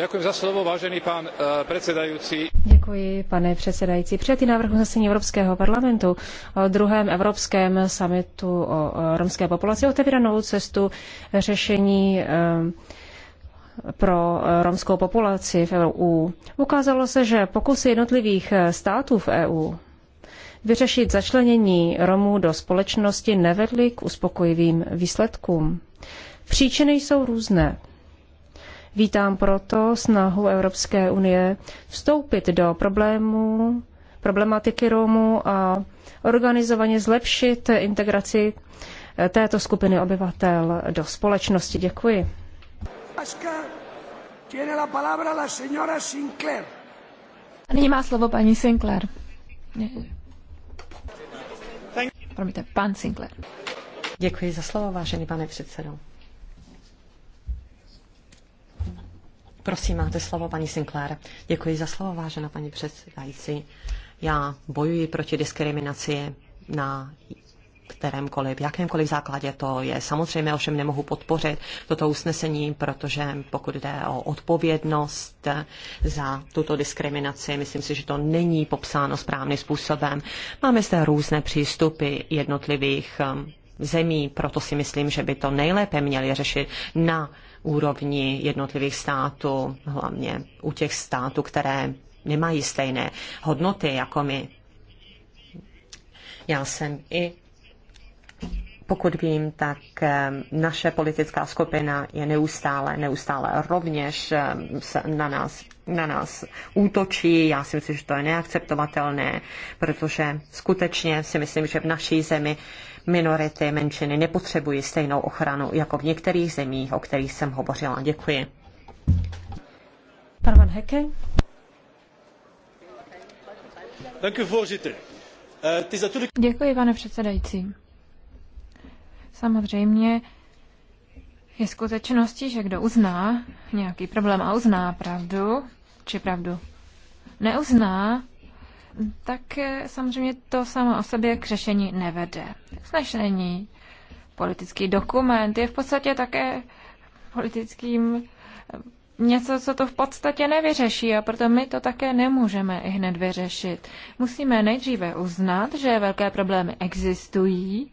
Děkuji za slovo, vážený pan eh, předsedající. Děkuji, pane předsedající. Přijatý návrh usnesení Evropského parlamentu o druhém evropském summitu o romské populaci otevírá novou cestu řešení eh, pro romskou populaci v EU. Ukázalo se, že pokusy jednotlivých eh, států v EU vyřešit začlenění Romů do společnosti nevedly k uspokojivým výsledkům. Příčiny jsou různé. Vítám proto snahu Evropské unie vstoupit do problému, problematiky Romů a organizovaně zlepšit integraci eh, této skupiny obyvatel do společnosti. Děkuji. A nyní má slovo paní Sinclair. Promiňte, pan Sinclair. Děkuji za slovo, vážený pane předsedo. Prosím, máte slovo, paní Sinclair. Děkuji za slovo, vážená paní předsedající. Já bojuji proti diskriminaci na kterémkoliv, jakémkoliv základě to je. Samozřejmě ovšem nemohu podpořit toto usnesení, protože pokud jde o odpovědnost za tuto diskriminaci, myslím si, že to není popsáno správným způsobem. Máme zde různé přístupy jednotlivých um, zemí, proto si myslím, že by to nejlépe měli řešit na úrovni jednotlivých států, hlavně u těch států, které nemají stejné hodnoty jako my. Já jsem i pokud vím, tak naše politická skupina je neustále, neustále rovněž na nás, na nás útočí. Já si myslím, že to je neakceptovatelné, protože skutečně si myslím, že v naší zemi minority, menšiny nepotřebují stejnou ochranu jako v některých zemích, o kterých jsem hovořila. Děkuji. Pan Van Hecke. Eh, Děkuji, pane předsedající. Samozřejmě je skutečností, že kdo uzná nějaký problém a uzná pravdu, či pravdu neuzná, tak samozřejmě to samo o sobě k řešení nevede. Usnesení, politický dokument je v podstatě také politickým eh, něco, co to v podstatě nevyřeší a proto my to také nemůžeme i hned vyřešit. Musíme nejdříve uznat, že velké problémy existují,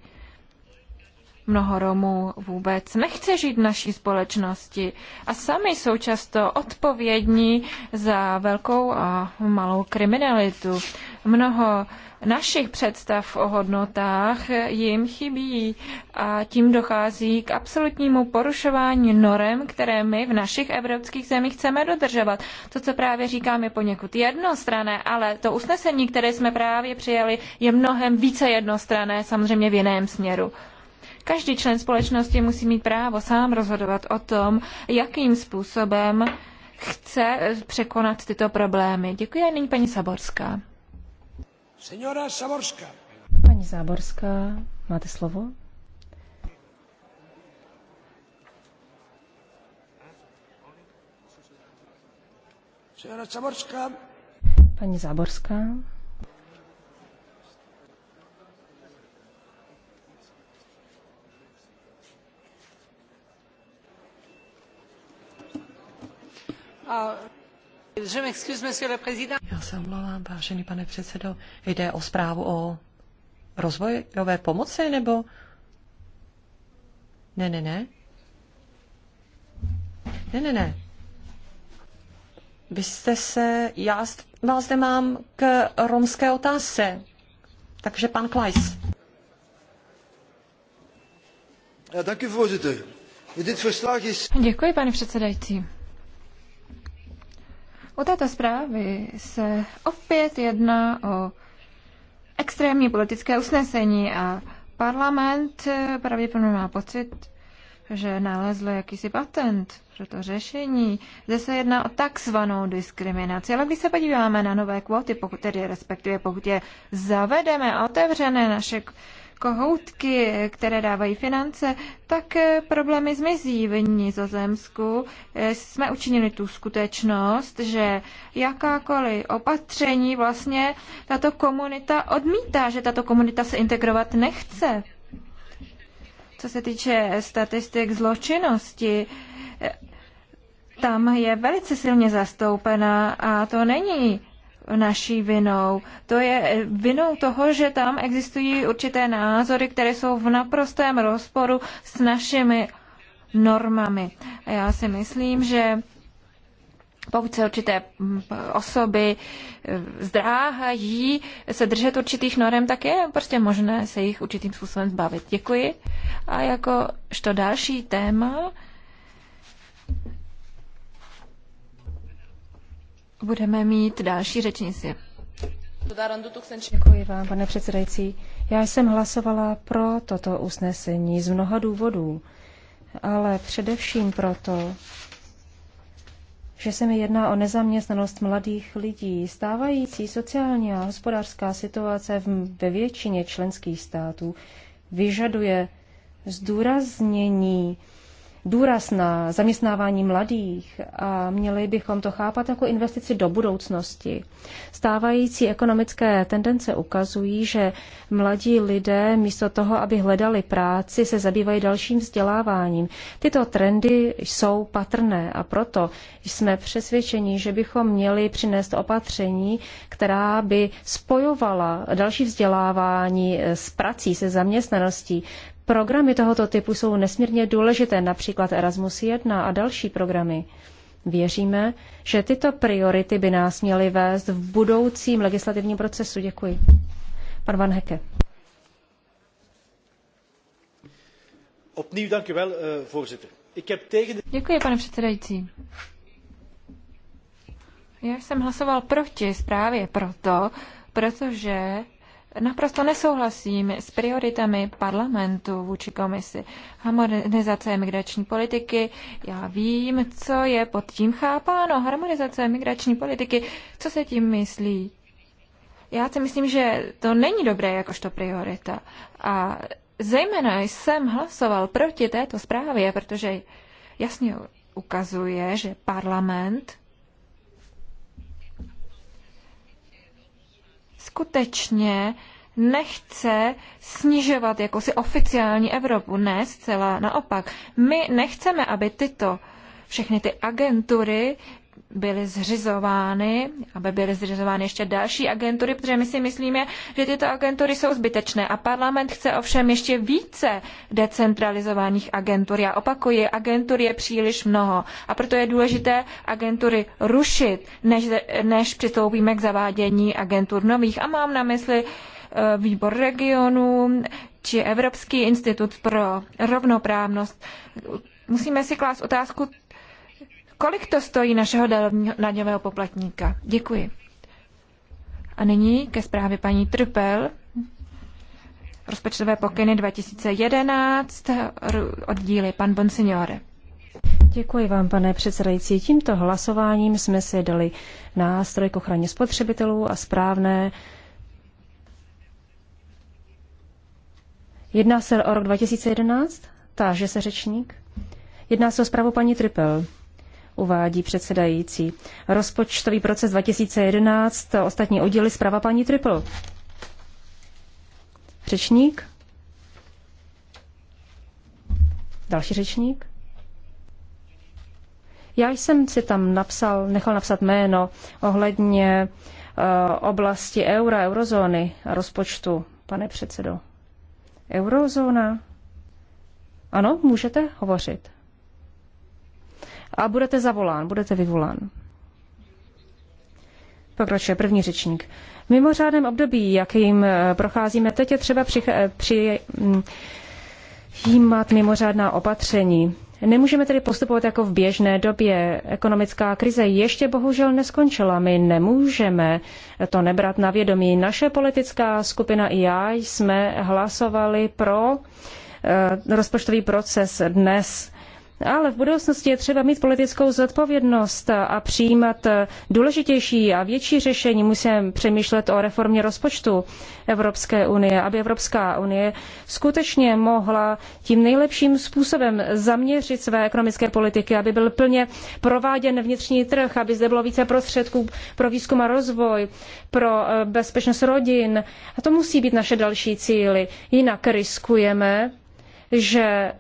Mnoho Romů vůbec nechce žít v naší společnosti a sami jsou často odpovědní za velkou a malou kriminalitu. Mnoho našich představ o hodnotách jim chybí a tím dochází k absolutnímu porušování norem, které my v našich evropských zemích chceme dodržovat. To, co právě říkám, je poněkud jednostrané, ale to usnesení, které jsme právě přijali, je mnohem více jednostrané, samozřejmě v jiném směru. Každý člen společnosti musí mít právo sám rozhodovat o tom, jakým způsobem chce eh, překonat tyto problémy. Děkuji a nyní paní Saborská. Senora Saborská. Paní Záborská, máte slovo? Senora Saborská. Paní Záborská. Já se omlouvám, vážený pane předsedo. Jde o zprávu o rozvojové pomoci, nebo? Ne, ne, ne. Ne, ne, ne. Vy jste se, já vás mám k romské otázce. Takže pan Klajs. Děkuji, pane předsedající. U této zprávy se opět jedná o extrémní politické usnesení a parlament pravděpodobně má pocit, že nalezl jakýsi patent pro to řešení, zde se jedná o takzvanou diskriminaci. Ale když se podíváme na nové kvóty, pokud tedy respektive pokud je zavedeme a otevřené naše kohoutky, jako které dávají finance, tak eh, problémy zmizí v Nizozemsku. Eh, jsme učinili tu skutečnost, že jakákoliv opatření vlastně tato komunita odmítá, že tato komunita se integrovat nechce. Co se týče statistik zločinnosti, eh, tam je velice silně zastoupena a to není naší vinou. To je eh, vinou toho, že tam existují určité názory, které jsou v naprostém rozporu s našimi normami. A já si myslím, že pokud se určité mm, osoby eh, zdráhají se držet určitých norm, tak je prostě možné se jich určitým způsobem zbavit. Děkuji. A jakožto další téma Budeme mít další řečnici. Děkuji vám, pane předsedající. Já jsem hlasovala pro toto usnesení z mnoha důvodů, ale především proto, že se mi jedná o nezaměstnanost mladých lidí. Stávající sociální a hospodářská situace ve většině členských států vyžaduje zdůraznění důraz na zaměstnávání mladých a měli bychom to chápat jako investici do budoucnosti. Stávající ekonomické tendence ukazují, že mladí lidé místo toho, aby hledali práci, se zabývají dalším vzděláváním. Tyto trendy jsou patrné a proto jsme přesvědčeni, že bychom měli přinést opatření, která by spojovala další vzdělávání s prací, se zaměstnaností, Programy tohoto typu jsou nesmírně důležité, například Erasmus 1 a další programy. Věříme, že tyto priority by nás měly vést v budoucím legislativním procesu. Děkuji. Pan Van Heke. Eh, Děkuji, pane předsedající. Já jsem hlasoval proti zprávě proto, protože Naprosto nesouhlasím s prioritami parlamentu vůči komisi. Harmonizace migrační politiky, já vím, co je pod tím chápáno. Harmonizace migrační politiky, co se tím myslí? Já si myslím, že to není dobré jakožto priorita. A zejména jsem hlasoval proti této zprávě, protože jasně ukazuje, že parlament skutečně nechce snižovat jakousi oficiální Evropu. Ne, zcela naopak. My nechceme, aby tyto všechny ty agentury byly zřizovány, aby byly zřizovány ještě další agentury, protože my si myslíme, že tyto agentury jsou zbytečné a parlament chce ovšem ještě více decentralizovaných agentur. Já opakuji, agentur je příliš mnoho a proto je důležité agentury rušit, než, než přistoupíme k zavádění agentur nových. A mám na mysli eh, výbor regionů či Evropský institut pro rovnoprávnost. Musíme si klást otázku, Kolik to stojí našeho daňového poplatníka? Děkuji. A nyní ke zprávě paní Trpel. Rozpočtové pokyny 2011, oddíly pan Bonsignore. Děkuji vám, pane předsedající. Tímto hlasováním jsme si dali nástroj k ochraně spotřebitelů a správné Jedná se o rok 2011? Táže se řečník. Jedná se o zprávu paní Tripel uvádí předsedající. Rozpočtový proces 2011, ostatní oddíly zprava paní Triple. Řečník? Další řečník? Já jsem si tam napsal, nechal napsat jméno ohledně uh, oblasti eura, eurozóny a rozpočtu, pane předsedo. Eurozóna? Ano, můžete hovořit a budete zavolán, budete vyvolán. Pokračuje první řečník. V mimořádném období, jakým eh, procházíme teď, je třeba eh, přijímat mimořádná opatření. Nemůžeme tedy postupovat jako v běžné době. Ekonomická krize ještě bohužel neskončila. My nemůžeme to nebrat na vědomí. Naše politická skupina i já jsme hlasovali pro eh, rozpočtový proces dnes. Ale v budoucnosti je třeba mít politickou zodpovědnost a přijímat důležitější a větší řešení. Musíme přemýšlet o reformě rozpočtu Evropské unie, aby Evropská unie skutečně mohla tím nejlepším způsobem zaměřit své ekonomické politiky, aby byl plně prováděn vnitřní trh, aby zde bylo více prostředků pro výzkum a rozvoj, pro eh, bezpečnost rodin. A to musí být naše další cíly. Jinak riskujeme, že eh,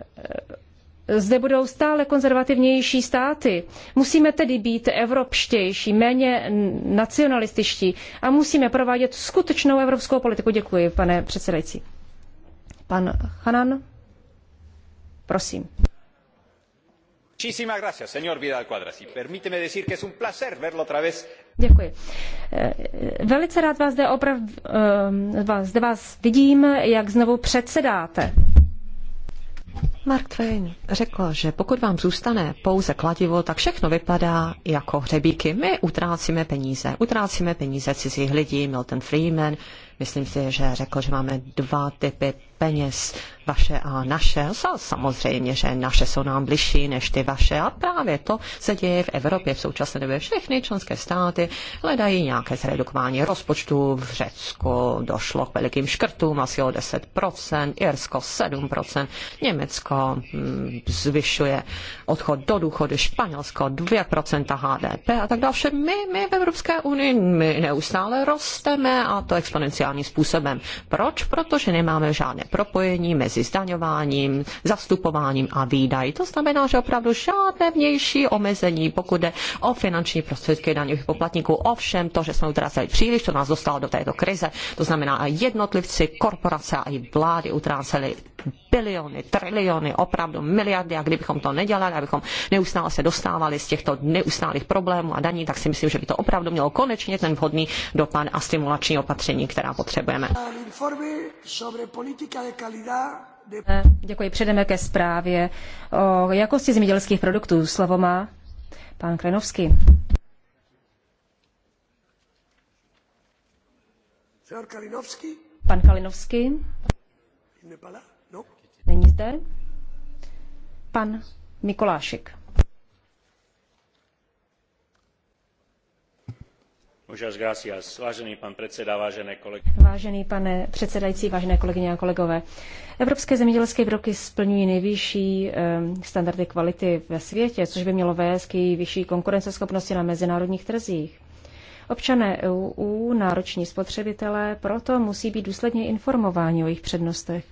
zde budou stále konzervativnější státy. Musíme tedy být evropštější, méně nacionalističtí a musíme provádět skutečnou evropskou politiku. Děkuji, pane předsedající. Pan Hanan, prosím. Děkuji. Eh, velice rád vás zde, eh, vás, zde vás vidím, jak znovu předsedáte Mark Twain řekl, že pokud vám zůstane pouze kladivo, tak všechno vypadá jako hřebíky. My utrácíme peníze, utrácíme peníze cizích lidí, Milton Freeman, Myslím si, že řekl, že máme dva typy peněz, vaše a naše. Samozřejmě, že naše jsou nám bližší než ty vaše. A právě to se děje v Evropě v současné době. Všechny členské státy hledají nějaké zredukování rozpočtu. V Řecku došlo k velikým škrtům, asi o 10%, Irsko 7%, Německo hm, zvyšuje odchod do důchodu, Španělsko 2% HDP a tak dále. My, my v Evropské unii my neustále rosteme a to exponenciálně sociálním způsobem. Proč? Protože nemáme žádné propojení mezi zdaňováním, zastupováním a výdaji. To znamená, že opravdu žádné vnější omezení, pokud jde o finanční prostředky daňových poplatníků. Ovšem to, že jsme utráceli příliš, to nás dostalo do této krize. To znamená, jednotlivci, korporace a i vlády utráceli biliony, triliony, opravdu miliardy a kdybychom to nedělali, abychom neustále se dostávali z těchto neustálých problémů a daní, tak si myslím, že by to opravdu mělo konečně ten vhodný dopad a stimulační opatření, která potřebujeme. Děkuji. Předeme ke zprávě o jakosti zemědělských produktů. Slovo má pan Krenovský. Pan Kalinovský. Není zde? Pan Mikolášik. Vážený pane předsedající, vážené kolegyně a kolegové, evropské zemědělské výrobky splňují nejvyšší eh, standardy kvality ve světě, což by mělo vést k vyšší konkurenceschopnosti na mezinárodních trzích. Občané EU, nároční spotřebitelé, proto musí být důsledně informováni o jejich přednostech.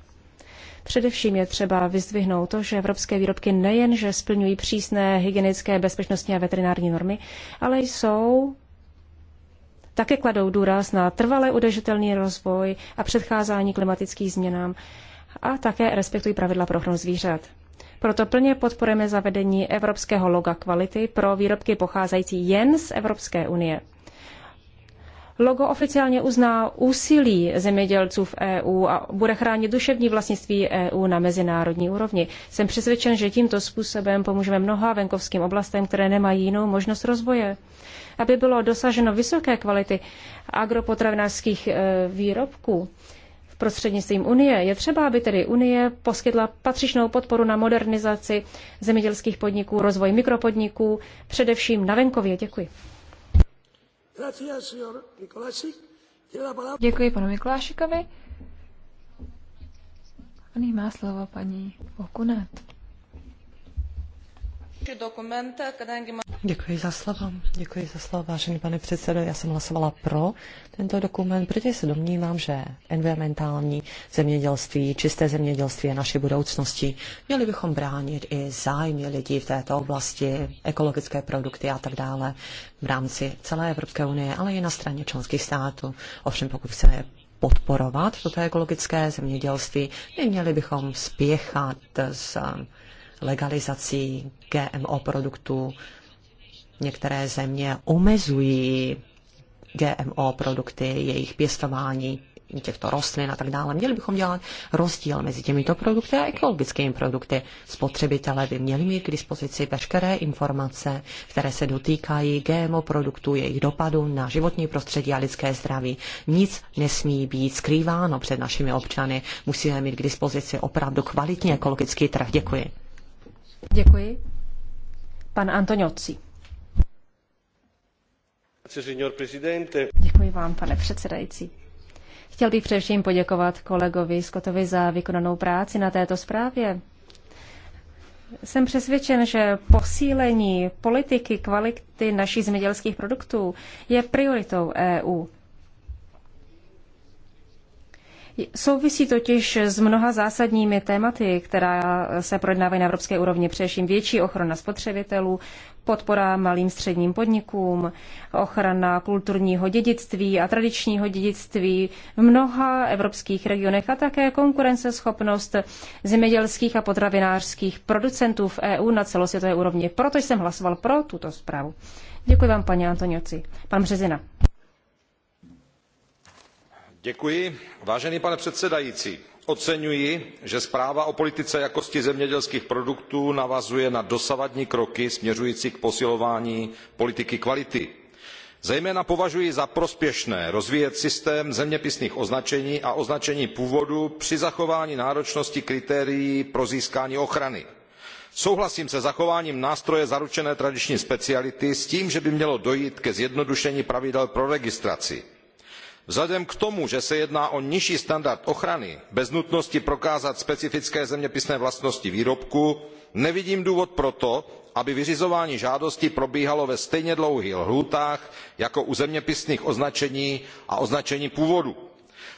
Především je třeba vyzdvihnout to, že evropské výrobky nejenže splňují přísné hygienické, bezpečnostní a veterinární normy, ale jsou také kladou důraz na trvalé udržitelný rozvoj a předcházání klimatickým změnám a také respektují pravidla pro ochranu zvířat. Proto plně podporujeme zavedení evropského loga kvality pro výrobky pocházející jen z Evropské unie. Logo oficiálně uzná úsilí zemědělců v EU a bude chránit duševní vlastnictví EU na mezinárodní úrovni. Jsem přesvědčen, že tímto způsobem pomůžeme mnoha venkovským oblastem, které nemají jinou možnost rozvoje. Aby bylo dosaženo vysoké kvality agropotravinářských e, výrobků, v prostřednictvím Unie. Je třeba, aby tedy Unie poskytla patřičnou podporu na modernizaci zemědělských podniků, rozvoj mikropodniků, především na venkově. Děkuji. Děkuji panu Mikulášikovi. A nyní má slovo paní Okunet. Děkuji za slovo. Děkuji za slovo, vážený pane předsedo. Já jsem hlasovala pro tento dokument, protože se domnívám, že environmentální zemědělství, čisté zemědělství je naší budoucností. Měli bychom bránit i zájmy lidí v této oblasti, ekologické produkty a tak dále v rámci celé Evropské unie, ale i na straně členských států. Ovšem, pokud chceme podporovat toto ekologické zemědělství, neměli bychom spěchat s legalizací GMO produktů. Některé země omezují GMO produkty, jejich pěstování těchto rostlin a tak dále. Měli bychom dělat rozdíl mezi těmito produkty a ekologickými produkty. Spotřebitelé by měli mít k dispozici veškeré informace, které se dotýkají GMO produktů, jejich dopadu na životní prostředí a lidské zdraví. Nic nesmí být skrýváno před našimi občany. Musíme mít k dispozici opravdu kvalitní ekologický trh. Děkuji. Děkuji. Pan Antonioci. Děkuji vám, pane předsedající. Chtěl bych především poděkovat kolegovi Skotovi za vykonanou práci na této zprávě. Jsem přesvědčen, že posílení politiky kvality našich zemědělských produktů je prioritou EU. Souvisí totiž s mnoha zásadními tématy, která se projednávají na evropské úrovni, především větší ochrana spotřebitelů, podpora malým středním podnikům, ochrana kulturního dědictví a tradičního dědictví v mnoha evropských regionech a také konkurenceschopnost zemědělských a potravinářských producentů v EU na celosvětové úrovni. Proto jsem hlasoval pro tuto zprávu. Děkuji vám, paní Antonioci. Pan Březina. Děkuji. pane předsedající, oceňuji, že zpráva o politice jakosti zemědělských produktů navazuje na dosavadní kroky směřující k posilování politiky kvality. Zejména považuji za prospěšné rozvíjet systém zeměpisných označení a označení původu při zachování náročnosti kritérií pro získání ochrany souhlasím se zachováním nástroje zaručené tradiční speciality s tím že by mělo dojít ke zjednodušení pravidel pro registraci vzhledem k tomu že se jedná o nižší standard ochrany bez nutnosti prokázat specifické zeměpisné vlastnosti výrobku nevidím důvod pro to aby vyřizování žádostí probíhalo ve stejně dlouhých lhůtách jako u zeměpisných označení a označení původu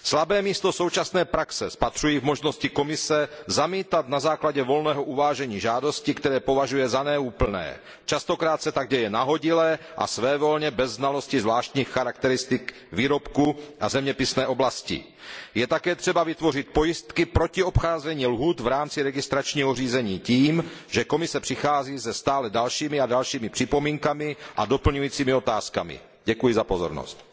slabé místo současné praxe spatřuji v možnosti komise zamítat na základě volného uvážení žádosti které považuje za neúplné. častokrát se tak děje nahodile a svévolně bez znalosti zvláštních charakteristik výrobku a zeměpisné oblasti. je také třeba vytvořit pojistky proti obcházení lhůt v rámci registračního řízení tím že komise přichází se stále dalšími a dalšími připomínkami a doplňujícími otázkami. děkuji za pozornost.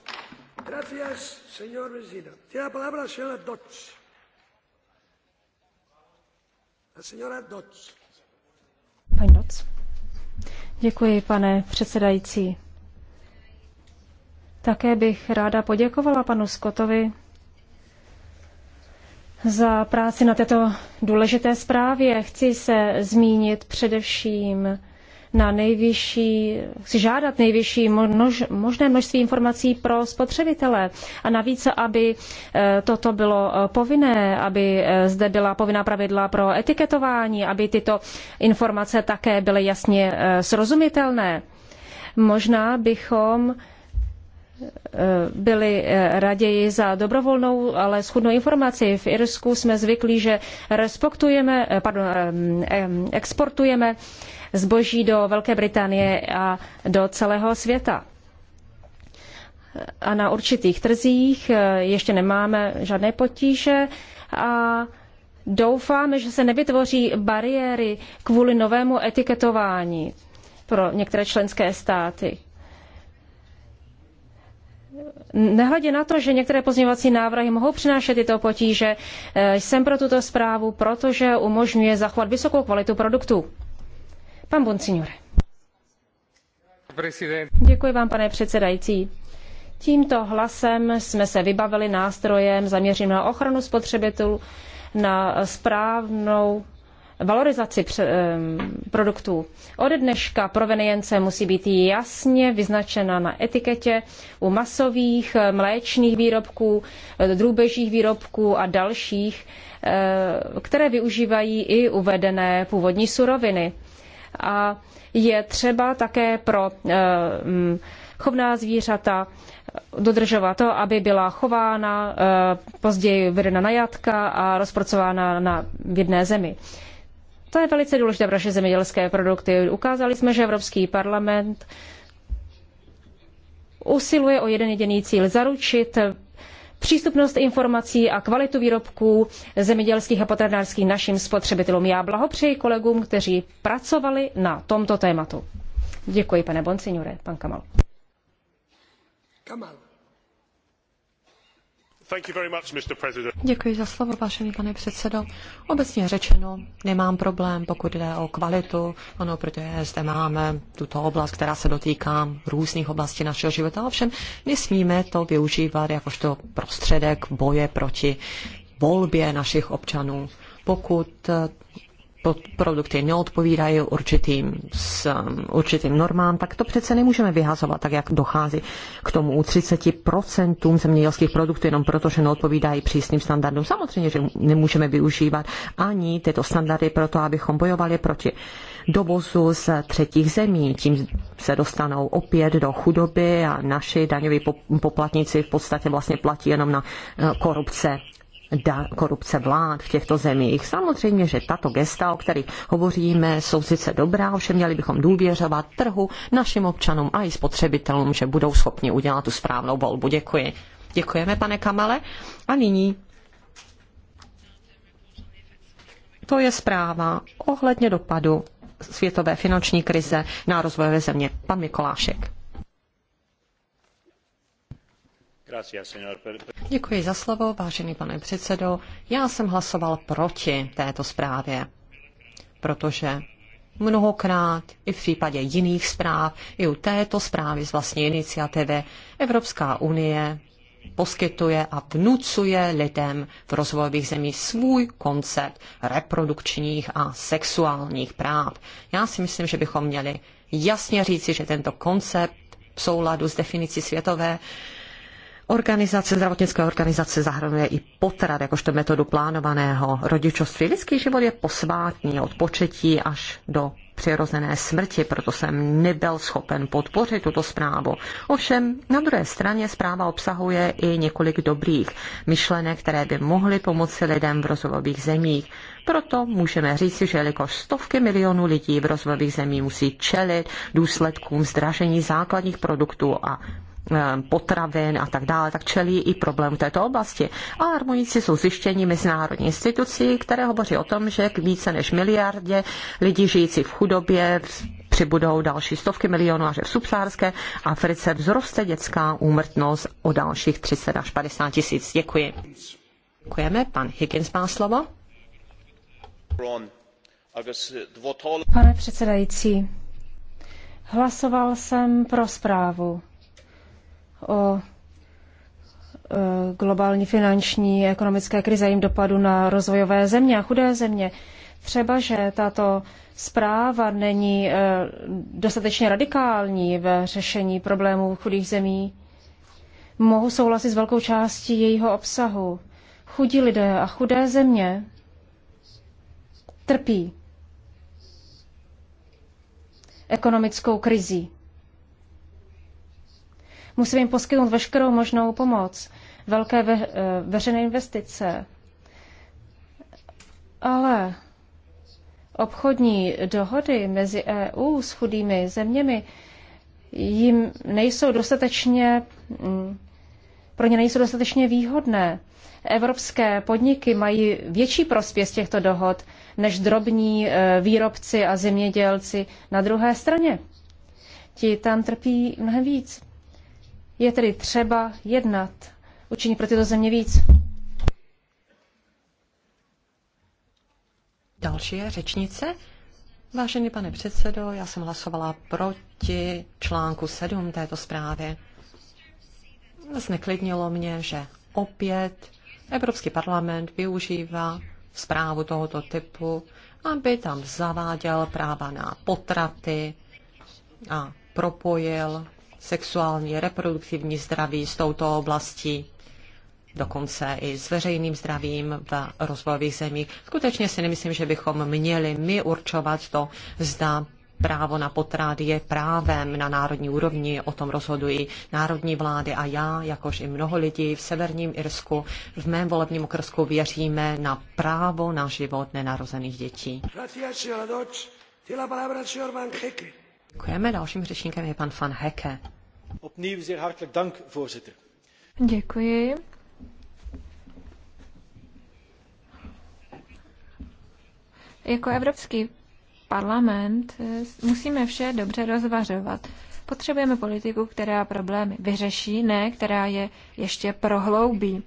Děkuji, pane předsedající. Také bych ráda poděkovala panu Skotovi za práci na této důležité zprávě. Chci se zmínit především na nejvyšší, si žádat nejvyšší množ, možné množství informací pro spotřebitele. A navíc, aby e, toto bylo e, povinné, aby e, zde byla povinná pravidla pro etiketování, aby tyto informace také byly jasně srozumitelné. Možná bychom byli eh, raději za dobrovolnou, ale schudnou informaci. V Irsku jsme zvyklí, že respektujeme, eh, pardon, eh, exportujeme zboží do Velké Británie a do celého světa. A na určitých trzích ještě nemáme žádné potíže a doufáme, že se nevytvoří bariéry kvůli novému etiketování pro některé členské státy. Nehledě na to, že některé pozměňovací návrhy mohou přinášet tyto potíže, eh, jsem pro tuto zprávu, protože umožňuje zachovat vysokou kvalitu produktů. Pan Bonsignore. Děkuji vám, pane předsedající. Tímto hlasem jsme se vybavili nástrojem zaměřeným na ochranu spotřebitelů, na správnou valorizaci produktů. Ode dneška provenience musí být jasně vyznačena na etiketě u masových eh, mléčných výrobků, eh, drůbežích výrobků a dalších, eh, které využívají i uvedené původní suroviny. A je třeba také pro chovná zvířata dodržovat to, aby byla chována, později vedena na jatka a rozpracována na v jedné zemi. To je velice důležité pro naše zemědělské produkty. Ukázali jsme, že Evropský parlament usiluje o jeden jediný cíl zaručit přístupnost informací a kvalitu výrobků zemědělských a potravinářských našim spotřebitelům. Já blahopřeji kolegům, kteří pracovali na tomto tématu. Děkuji, pane Bonsignore, pan Kamal. Kamal. Děkuji za slovo, vážený pane předsedo. Obecně řečeno, nemám problém, pokud jde o kvalitu, ano, protože zde máme tuto oblast, která se dotýká různých oblastí našeho života, ovšem nesmíme to využívat jakožto prostředek boje proti volbě našich občanů. Pokud produkty neodpovídají určitým, s, um, určitým normám, tak to přece nemůžeme vyhazovat, tak jak dochází k tomu u 30% zemědělských produktů, jenom protože neodpovídají přísným standardům. Samozřejmě, že nemůžeme využívat ani tyto standardy pro to, abychom bojovali proti dovozu z třetích zemí. Tím se dostanou opět do chudoby a naši daňoví poplatníci v podstatě vlastně platí jenom na eh, korupce da, korupce vlád v těchto zemích. Samozřejmě, že tato gesta, o kterých hovoříme, jsou sice dobrá, ovšem měli bychom důvěřovat trhu, našim občanům a i spotřebitelům, že budou schopni udělat tu správnou volbu. Děkuji. Děkujeme, pane Kamale. A nyní to je zpráva ohledně dopadu světové finanční krize na rozvojové země. Pan Mikolášek. Děkuji za slovo, vážený pane předsedo. Já jsem hlasoval proti této zprávě, protože mnohokrát i v případě jiných zpráv, i u této zprávy z vlastní iniciativy Evropská unie poskytuje a vnucuje lidem v rozvojových zemích svůj koncept reprodukčních a sexuálních práv. Já si myslím, že bychom měli jasně říci, že tento koncept v souladu s definicí Světové organizace, zdravotnická organizace zahrnuje i potrat, jakožto metodu plánovaného rodičovství. Lidský život je posvátný od početí až do přirozené smrti, proto jsem nebyl schopen podpořit tuto zprávu. Ovšem, na druhé straně zpráva obsahuje i několik dobrých myšlenek, které by mohly pomoci lidem v rozvojových zemích. Proto můžeme říci, že jelikož stovky milionů lidí v rozvojových zemích musí čelit důsledkům zdražení základních produktů a Eh, potravin a tak dále, tak čelí i problém v této oblasti. Alarmující jsou zjištění mezinárodní institucí, které hovoří o tom, že k více než miliardě lidí žijící v chudobě přibudou další stovky milionů až v subsárské Africe vzroste dětská úmrtnost o dalších 30 až 50 tisíc. Děkuji. Děkujeme. Pan Higgins má slovo. Pane předsedající, hlasoval jsem pro zprávu o e, globální finanční ekonomické krize, jejím dopadu na rozvojové země a chudé země. Třeba, že tato zpráva není e, dostatečně radikální ve řešení problémů chudých zemí, mohu souhlasit s velkou částí jejího obsahu. Chudí lidé a chudé země trpí ekonomickou krizí. Musíme jim poskytnout veškerou možnou pomoc, velké ve, eh, veřejné investice. Ale obchodní dohody mezi EU s chudými zeměmi jim nejsou dostatečně, mm, pro ně nejsou dostatečně výhodné. Evropské podniky mají větší prospěch z těchto dohod než drobní eh, výrobci a zemědělci na druhé straně. Ti tam trpí mnohem víc. Je tedy třeba jednat, učinit pro tyto země víc. Další je řečnice. Vážený pane předsedo, já jsem hlasovala proti článku 7 této zprávy. Zneklidnilo mě, že opět Evropský parlament využívá zprávu tohoto typu, aby tam zaváděl práva na potraty a propojil sexuální, reproduktivní zdraví s touto oblastí, dokonce i s veřejným zdravím v rozvojových zemích. Skutečně si nemyslím, že bychom měli my určovat to, zda právo na potrat je právem na národní úrovni, o tom rozhodují národní vlády a já, jakož i mnoho lidí v severním Irsku, v mém volebním okrsku věříme na právo na život nenarozených dětí. Gracias, Děkujeme. Dalším řečníkem je pan Van Hecke. Opnieuw zeer hartelijk dank, voorzitter. Děkuji. Jako Evropský parlament eh, musíme vše dobře rozvařovat. Potřebujeme politiku, která problémy vyřeší, ne která je ještě prohloubí.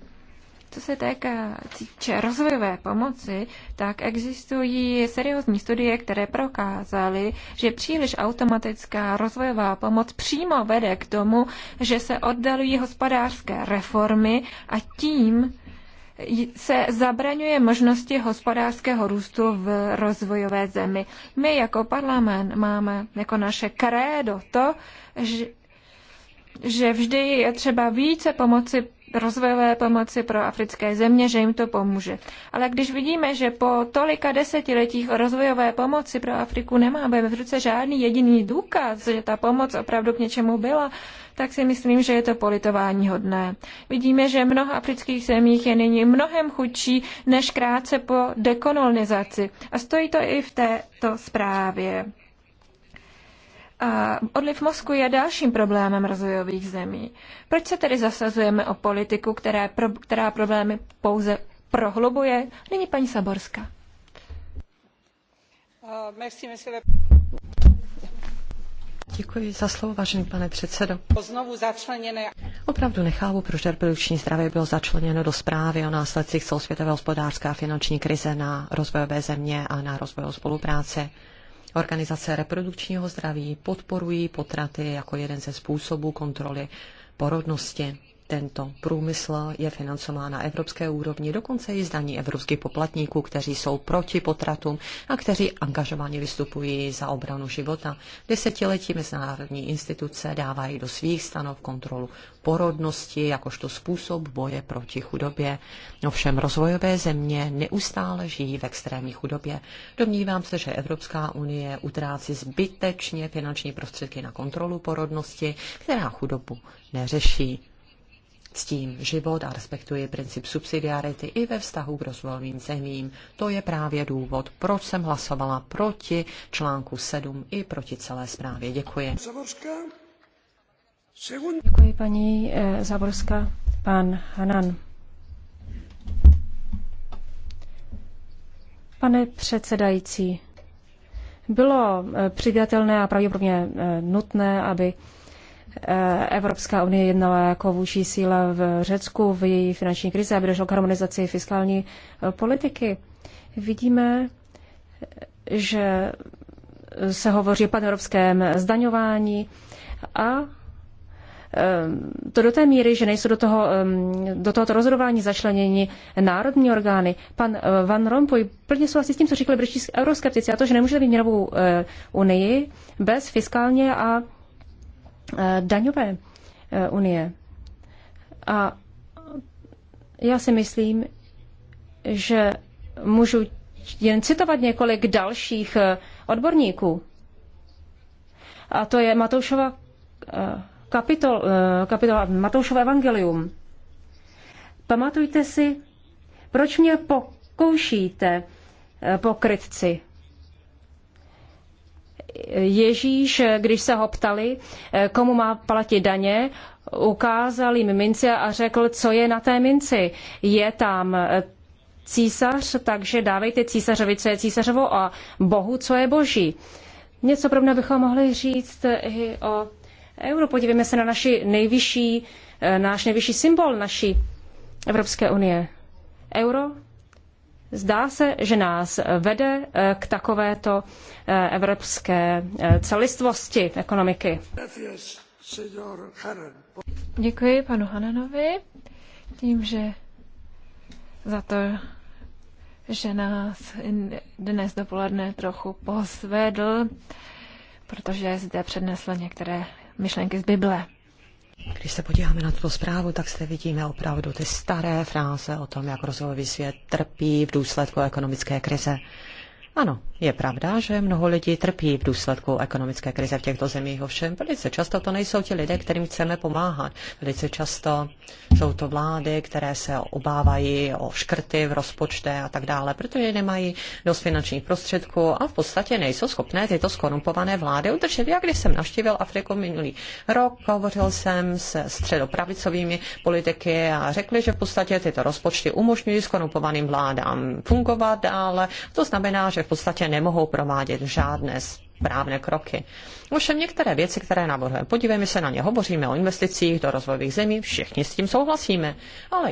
Co se týká týče rozvojové pomoci, tak existují seriózní studie, které prokázaly, že příliš automatická rozvojová pomoc přímo vede k tomu, že se oddalují hospodářské reformy a tím se zabraňuje možnosti hospodářského růstu v rozvojové zemi. My jako parlament máme jako naše krédo to, že že vždy je třeba více pomoci rozvojové pomoci pro africké země, že jim to pomůže. Ale když vidíme, že po tolika desetiletích rozvojové pomoci pro Afriku nemáme v ruce žádný jediný důkaz, že ta pomoc opravdu k něčemu byla, tak si myslím, že je to politování hodné. Vidíme, že mnoho afrických zemích je nyní mnohem chudší než krátce po dekolonizaci. A stojí to i v této zprávě. A odliv mozku je dalším problémem rozvojových zemí. Proč se tedy zasazujeme o politiku, která, pro, která problémy pouze prohlubuje? Nyní paní Saborská. Děkuji za slovo, vážený pane předsedo. Znovu začleněné. Opravdu nechápu, proč reproduční zdraví bylo začleněno do zprávy o následcích celosvětové hospodářské a finanční krize na rozvojové země a na rozvojovou spolupráci. Organizace reprodukčního zdraví podporují potraty jako jeden ze způsobů kontroly porodnosti tento průmysl je financován na evropské úrovni, dokonce i zdaní evropských poplatníků, kteří jsou proti potratům a kteří angažovaně vystupují za obranu života. Desetiletí mezinárodní instituce dávají do svých stanov kontrolu porodnosti jakožto způsob boje proti chudobě. Ovšem rozvojové země neustále žijí v extrémní chudobě. Domnívám se, že Evropská unie utrácí zbytečně finanční prostředky na kontrolu porodnosti, která chudobu neřeší s tím život a respektuji princip subsidiarity i ve vztahu k rozvojovým zemím. To je právě důvod, proč jsem hlasovala proti článku 7 i proti celé zprávě. Děkuji. Děkuji paní eh, Zaborská. Pan Hanan. Pane předsedající, bylo eh, přidatelné a pravděpodobně eh, nutné, aby Eh, Evropská unie jednala jako vůči síla v Řecku v její finanční krizi, aby došlo k harmonizaci fiskální eh, politiky. Vidíme, eh, že se hovoří o panevropském zdaňování a to do té míry, že nejsou do, toho, do tohoto rozhodování začleněni národní orgány. Pan Van Rompuy plně souhlasí s tím, co říkali britští euroskeptici, a to, že nemůžete mít měnovou unii bez fiskálně a Eh, daňové eh, unie. A já si myslím, že můžu jen citovat několik dalších eh, odborníků. A to je Matoušova kapitol, kapitola Matoušova evangelium. Pamatujte si, proč mě pokoušíte, pokrytci, Ježíš, když se ho ptali, eh, komu má platit daně, ukázal jim minci a řekl, co je na té minci. Je tam eh, císař, takže dávejte císařovi, co je císařovo a Bohu, co je boží. Něco podobné bychom mohli říct eh, i o euro. Podívejme se na naši nejvyšší, náš nejvyšší symbol naší Evropské unie. Euro Zdá se, že nás vede eh, k takovéto eh, evropské eh, celistvosti ekonomiky. Děkuji panu Hananovi tím, že za to, že nás dnes dopoledne trochu posvedl, protože zde přednesl některé myšlenky z Bible. Když se podíváme na tuto zprávu, tak se vidíme opravdu ty staré fráze o tom, jak rozvojový svět trpí v důsledku ekonomické krize. Ano, je pravda, že mnoho lidí trpí v důsledku ekonomické krize v těchto zemích. Ovšem velice často to nejsou ti lidé, kterým chceme pomáhat. Velice často jsou to vlády, které se obávají o škrty v rozpočte a tak dále, protože nemají dost finančních prostředků a v podstatě nejsou schopné tyto skorumpované vlády udržet. Já když jsem navštívil Afriku minulý rok, hovořil jsem se středopravicovými politiky a řekli, že v podstatě tyto rozpočty umožňují skorumpovaným vládám fungovat dále. To znamená, že v podstatě nemohou provádět žádné správné kroky. Ovšem některé věci, které navrhujeme, podívejme se na ně, hovoříme o investicích do rozvojových zemí, všichni s tím souhlasíme, ale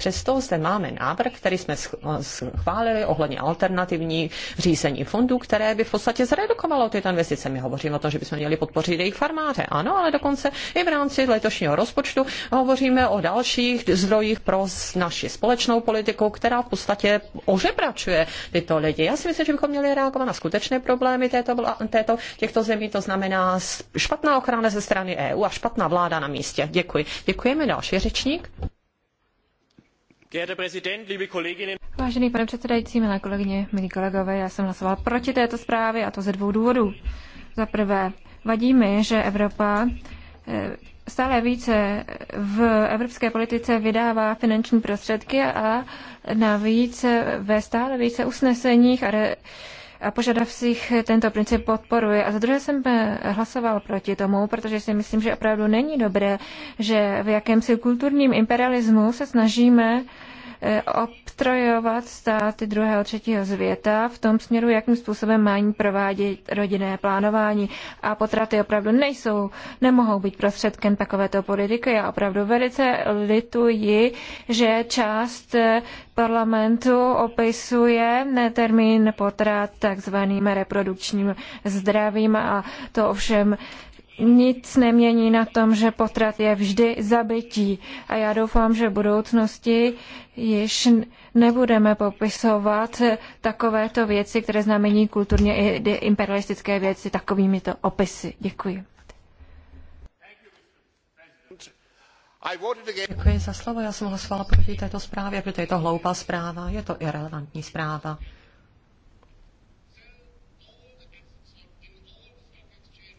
Přesto zde máme návrh, který jsme eh, schválili ohledně alternativní řízení fondů, které by v podstatě zredukovalo tyto investice. My hovoříme o tom, že bychom měli podpořit jejich farmáře. Ano, ale dokonce i v rámci letošního rozpočtu hovoříme o dalších zdrojích pro naši společnou politiku, která v podstatě ožebračuje tyto lidi. Já si myslím, že bychom měli reagovat na skutečné problémy této, této, těchto zemí, to znamená špatná ochrana ze strany EU a špatná vláda na místě. Děkuji. Děkujeme. Další řečník. Vážený pane předsedající, milé kolegyně, milí kolegové, já jsem hlasoval proti této zprávě a to ze dvou důvodů. Za prvé, vadí mi, že Evropa eh, stále více v evropské politice vydává finanční prostředky a navíc ve stále více usneseních a re a požadavcích tento princip podporuje. A za druhé jsem eh, hlasoval proti tomu, protože si myslím, že opravdu není dobré, že v jakémsi kulturním imperialismu se snažíme Eh, obtrojovat státy druhého, a třetího světa v tom směru, jakým způsobem mají provádět rodinné plánování. A potraty opravdu nejsou, nemohou být prostředkem takovéto politiky. Já opravdu velice lituji, že část eh, parlamentu opisuje termín potrat takzvaným reprodukčním zdravím a to ovšem nic nemění na tom, že potrat je vždy zabití. A já doufám, že v budoucnosti již nebudeme popisovat takovéto věci, které znamení kulturně i imperialistické věci, takovými to opisy. Děkuji. Děkuji za slovo. Já jsem hlasovala proti této zprávě, protože je to hloupá zpráva, je to irrelevantní zpráva.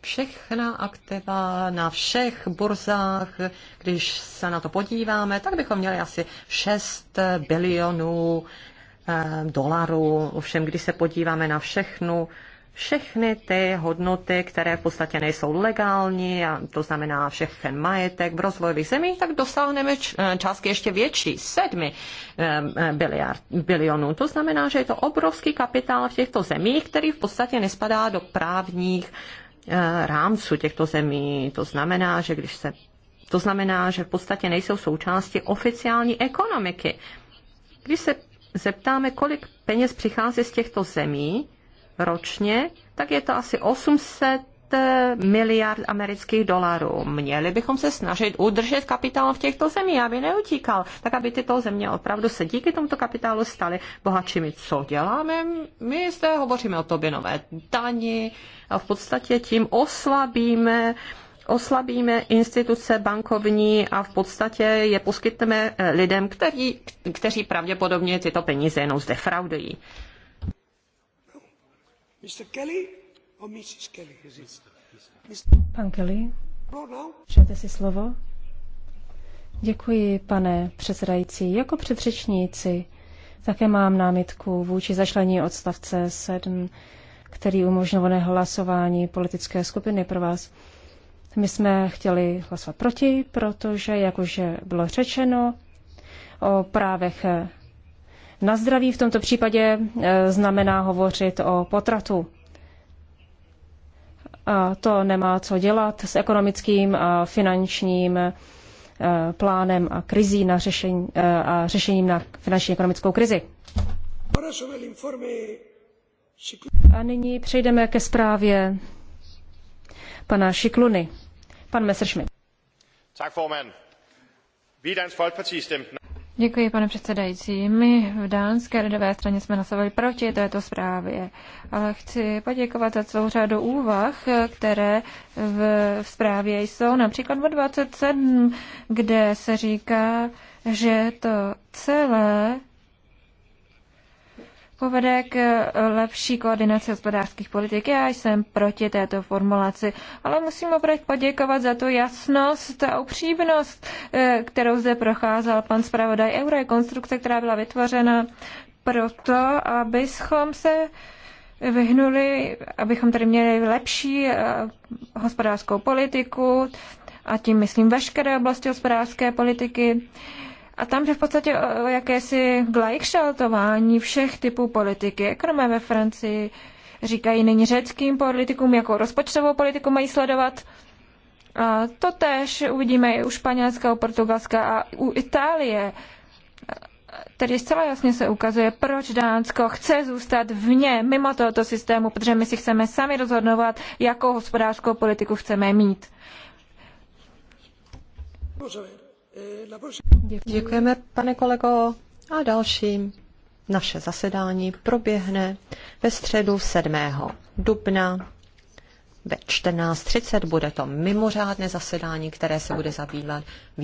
všechna aktiva na všech burzách, když se na to podíváme, tak bychom měli asi 6 bilionů eh, dolarů. Ovšem, když se podíváme na všechnu, všechny ty hodnoty, které v podstatě nejsou legální, a to znamená všechen majetek v rozvojových zemích, tak dosáhneme eh, částky ještě větší, sedmi eh, biliard, bilionů. To znamená, že je to obrovský kapitál v těchto zemích, který v podstatě nespadá do právních Eh, rámcu těchto zemí. To znamená, že když se to znamená, že v podstatě nejsou součástí oficiální ekonomiky. Když se zeptáme, kolik peněz přichází z těchto zemí ročně, tak je to asi 800 miliard amerických dolarů. Měli bychom se snažit udržet kapitál v těchto zemích, aby neutíkal, tak aby tyto země opravdu se díky tomuto kapitálu staly bohatšími. Co děláme? My zde hovoříme o tobě nové dani a v podstatě tím oslabíme oslabíme instituce bankovní a v podstatě je poskytneme eh, lidem, kteří, kteří pravděpodobně tyto peníze jenom zdefraudují. Mr. Kelly? Pan Kelly, no, no. přejete si slovo? Děkuji, pane předsedající. Jako předřečníci také mám námitku vůči zašlení odstavce 7, který umožňované hlasování politické skupiny pro vás. My jsme chtěli hlasovat proti, protože, jak už bylo řečeno, o právech na zdraví v tomto případě e, znamená hovořit o potratu a to nemá co dělat s ekonomickým a finančním e, plánem a krizí na řešení, e, a řešením na finanční ekonomickou krizi. A nyní přejdeme ke zprávě pana Šikluny. Pan Messerschmidt. Tak, Děkuji, pane předsedající. My v Dánské lidové straně jsme nasovali proti této zprávě, ale chci poděkovat za celou řadu úvah, které v, v zprávě jsou. Například bod 27, kde se říká, že to celé povede k eh, lepší koordinaci hospodářských politik. Já jsem proti této formulaci, ale musím opravdu poděkovat za tu jasnost a upřímnost, eh, kterou zde procházel pan zpravodaj Euro, je konstrukce, která byla vytvořena proto, abychom se vyhnuli, abychom tady měli lepší eh, hospodářskou politiku, a tím myslím veškeré oblasti hospodářské politiky. A tam jde v podstatě o jakési glajkšaltování všech typů politiky. kromě ve Francii říkají nyní řeckým politikům, jakou rozpočtovou politiku mají sledovat. A to tež uvidíme i u Španělska, u Portugalska a u Itálie. Tedy zcela jasně se ukazuje, proč Dánsko chce zůstat vně, mimo tohoto systému, protože my si chceme sami rozhodovat, jakou hospodářskou politiku chceme mít. Děkujeme, pane kolego. A dalším naše zasedání proběhne ve středu 7. dubna ve 14.30. Bude to mimořádné zasedání, které se bude zabývat vý.